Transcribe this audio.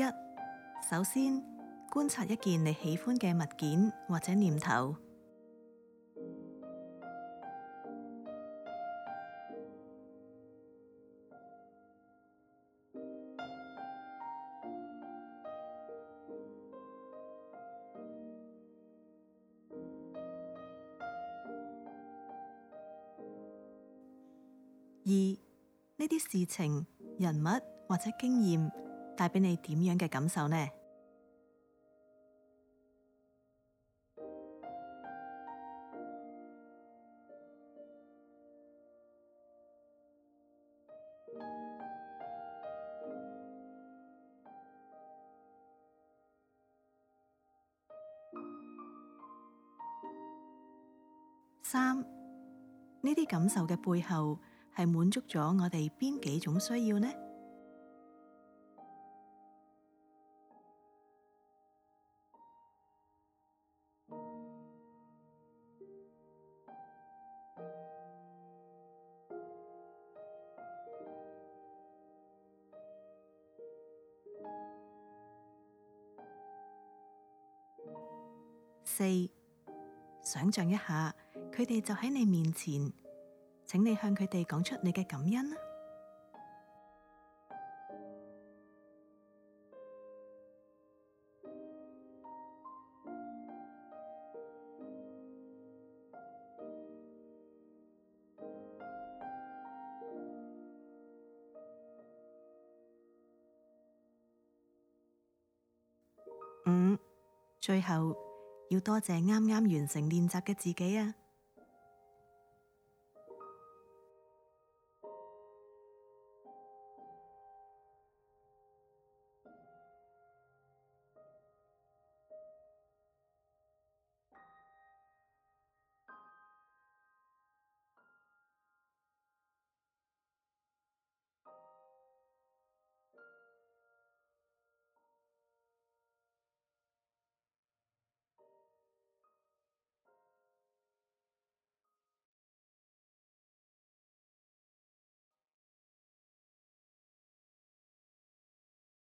一、首先觀察一件你喜歡嘅物件，或者念頭。二、呢啲事情、人物，或者經驗。帶畀你點樣嘅感受呢？三，呢啲感受嘅背後係滿足咗我哋邊幾種需要呢？四，想象一下，佢哋就喺你面前，請你向佢哋講出你嘅感恩。五，最後。要多謝啱啱完成練習嘅自己啊！